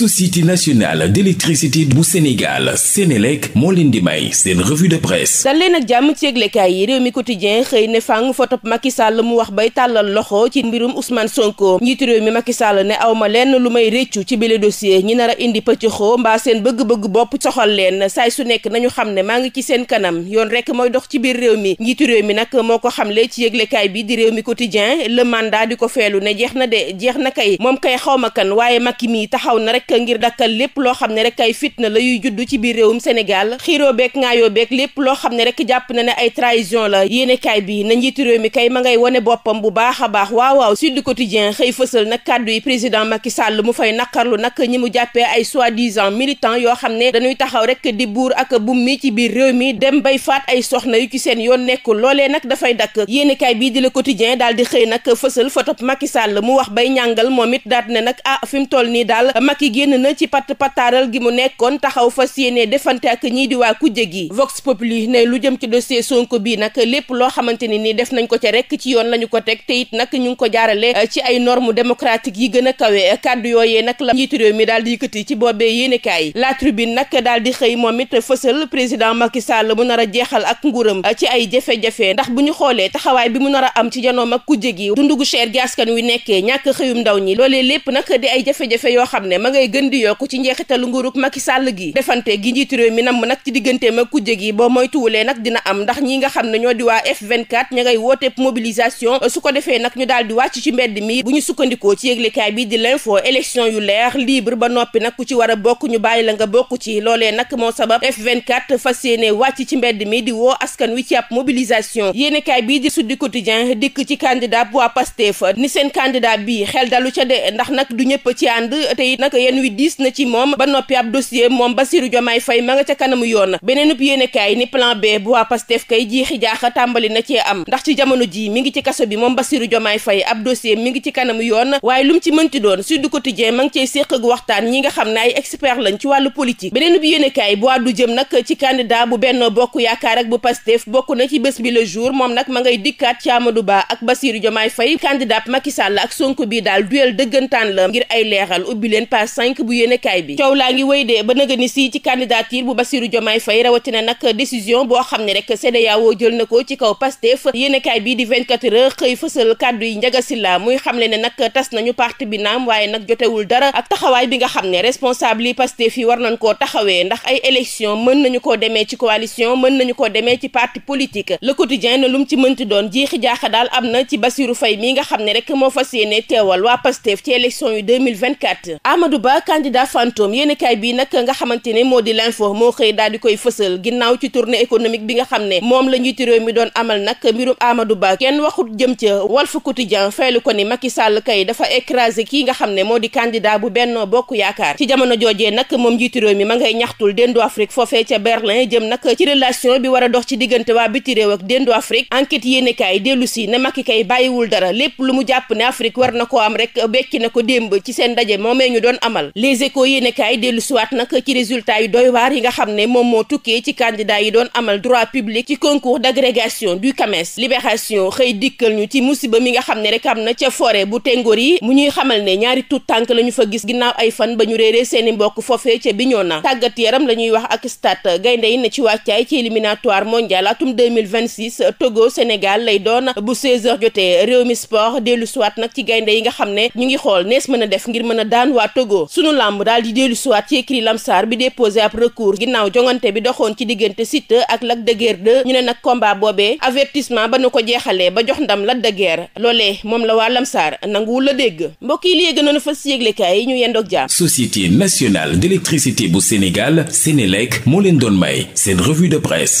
société nationale d'électricité bu Sénégal Sénélec moo leen di may seen revue de presse dal leen jàmm ci yëglekaay yi réew mi quotidien xëy ne fàng fotop Macky Sall mu wax bay tàllal loxo ci mbirum Ousmane Sonko njiitu réew mi Macky Sall ne awma lenn lu may réccu ci bile dossier ñi nar a indi pëccëxoo mbaa seen bëgg-bëgg bopp soxal leen saay su nekk nañu xam ne maa ngi ci seen kanam yoon rekk mooy dox ci biir réew mi njiitu réew mi nag moo ko xamle ci yëglekaay bi di réew mi quotidien le mandat di ko feelu ne jeex na de jeex na kay moom kay xawma kan waaye nag ngir dakkal lépp loo xam ne rek ay fitna la yuy juddu ci biir réewum Sénégal xiiroo beeg ŋaayoo beeg lépp loo xam ne rek jàpp na ne ay trahison la yéenekaay bi na njiitu réew mi kay ma ngay wane boppam bu baax a baax waaw waaw Sud Quotidien xëy fësal nag kàddu yi président Macky Sall mu fay naqarlu nag ñi mu jàppee ay soi-disant militants yoo xam ne dañuy taxaw rek di buur ak bum mi ci biir réew mi dem bay faat ay soxna yu ci seen yoon nekkul loolee nag dafay dakk yéenekaay bii di Le Quotidien daal di xëy nag fësal photo Macky Sall mu wax bay ñàngal moom it gi génn na ci pat pataaral gi mu nekkoon taxaw fas yéene defante ak ñii di waa kujje gi Vox Populi ne lu jëm ci dossier sonk bii nag lépp loo xamante ni nii def nañ ko ca rek ci yoon lañu ko teg te it nag ñu ngi ko jaarale eh, ci ay normes démocratiques yi gën a kawe kàddu yooyee nag la njiitu réew mi daal di yëkkati ci boobee yéenekaay La Tribune nag daal di xëy moom it fësal président Macky Sall mu nar a jeexal ak nguuram eh, ci ay jafe-jafe ndax bu ñu xoolee taxawaay bi mu nar a am ci janoom ak kujje gi dundu gu cher gi askan wi nekkee ñàkk xëyum ndaw ñi loolee lépp nag di ay jafe yoo xam ngay gën di yokku ci njeexitalu nguurug Macky am ndax ñi nga xam ne ñoo di waa F24 ña ngay wooteeb ko defee nag ñu daal di wàcc ci mbedd mi bu ñu sukkandikoo ci yëglekaay bi di l'info élection yu leer libre ba noppi nag ku ci war a bokk ñu bàyyi la nga bokk ci loolee nag moo sabab F24 fas yéene wàcc ci mbedd mi di woo askan wi ci ab mobilisation kaay bii di Sud Quotidien dikk ci candidat bu waa Pastef ni seen candidat bi xel dalu ca de ndax nag du ñëpp ci ànd te it nag yenn wi diis moom ba noppi ab dossier moom Bassirou Diomaye Faye ma nga ca kanamu yoon beneenub yéenekaay ni plan B bu waa Pastef kay jiixi jaaxa tàmbali na cee am ndax ci jamono ji mi ngi ci kaso bi moom Bassirou Diomaye fay ab dossier mi ngi ci kanamu yoon waaye lu mu ci mënti doon Sud Quotidien ma ngi cey séq ak waxtaan ñi nga xam ne ay expert lañ ci wàllu politique beneenub yéenekaay bu Wàddu jëm nag ci candidat bu Benno Bokk Yaakaar ak bu Pastef bokk na ci bés bi le jour moom nag ma ngay dikkaat ci Amadou Ba ak Bassirou Diomaye Faye candidat Macky Sall ak Sonko bi daal duel dëggantaan la ngir ay leeral ubbi leen pass cinq bu yéene kaay bi coow laa ngi wéy de ba naga ni sii ci candidature bu Bassirou Diomaye Faye rawatina nag décision boo xam ne rek CEDEAO jël na ko ci kaw Pastef yéene kaay bii di 24 heures xëy fësal kàddu yi Ndiaga Sylla muy xamle ne nag tas nañu parti bi naam waaye nag jotewul dara ak taxawaay bi nga xam ne responsable yi Pastef yi war nañ koo taxawee ndax ay élection mën nañu koo demee ci coalition mën nañu koo demee ci parti politique le quotidien ne lu mu ci mënti doon jiixi jaaxa daal am na ci Bassirou Faye mi nga xam ne rek moo fas yéene teewal waa Pastef ci élection yu 2024 Amadou ba candidat fantôme yéen kaay bii nag nga xamante ne moo di l'info moo xëy daal di koy fësal ginnaaw ci tournée économique bi nga xam ne moom la njiitu réew mi doon amal nag mbirum Amadou Ba kenn waxut jëm ca Walf Quotidien faylu ko ni Macky Sall kay dafa écrasé kii nga xam ne moo di candidat bu Benno Bokk Yaakaar ci jamono joojee nag moom njiitu réew mi ma ngay ñaxtul dendu Afrique foofee ca Berlin jëm nag ci relation bi war a dox ci diggante waa biti réew ak dendu Afrique enquête yéen kaay dellu si ne Macky kay bàyyiwul dara lépp lu mu jàpp ne Afrique war na ko am rek bekki na ko démb ci seen ndaje moomee ñu doon amal les échos yéene kaay dellu nag ci résultat yu doy waar yi nga xam ne moom moo tukkee ci candidat yi doon amal droit public ci concours d'agrégation du CAMES libération xëy dikkal ñu ci musiba mi nga xam ne rek am na ca forêt bu Tengor yi mu ñuy xamal ne ñaari tuut tànk la ñu fa gis ginnaaw ay fan ba ñu réeree seeni mbokk foofee ca Bignona tàggat yaram la ñuy wax ak stade gaynde yi na ci wàccaay ci éliminatoire mondial atum 2026 Togo Sénégal lay doon bu 16h jotee réew dellu siwaat nag ci gaynde yi nga xam ne ñu ngi xool nees mën a def ngir mën a daan waa Togo sunu làmb daal di dellu siwaat ci écrit lamsaar bi déposé ab recours ginnaaw jongante bi doxoon ci diggante Siteu ak Lac de Guiers ñu ne nag combat boobee avertissement ba nu ko jeexalee ba jox ndam Lac de Guiers moom la waa lamsaar nanguwul la dégg mbokk yi léegi noonu fa si yëglekaay yi ñu yendoog jàmm. Société nationale d'électricité bu Sénégal Sénélec moo leen doon may seen revue de presse.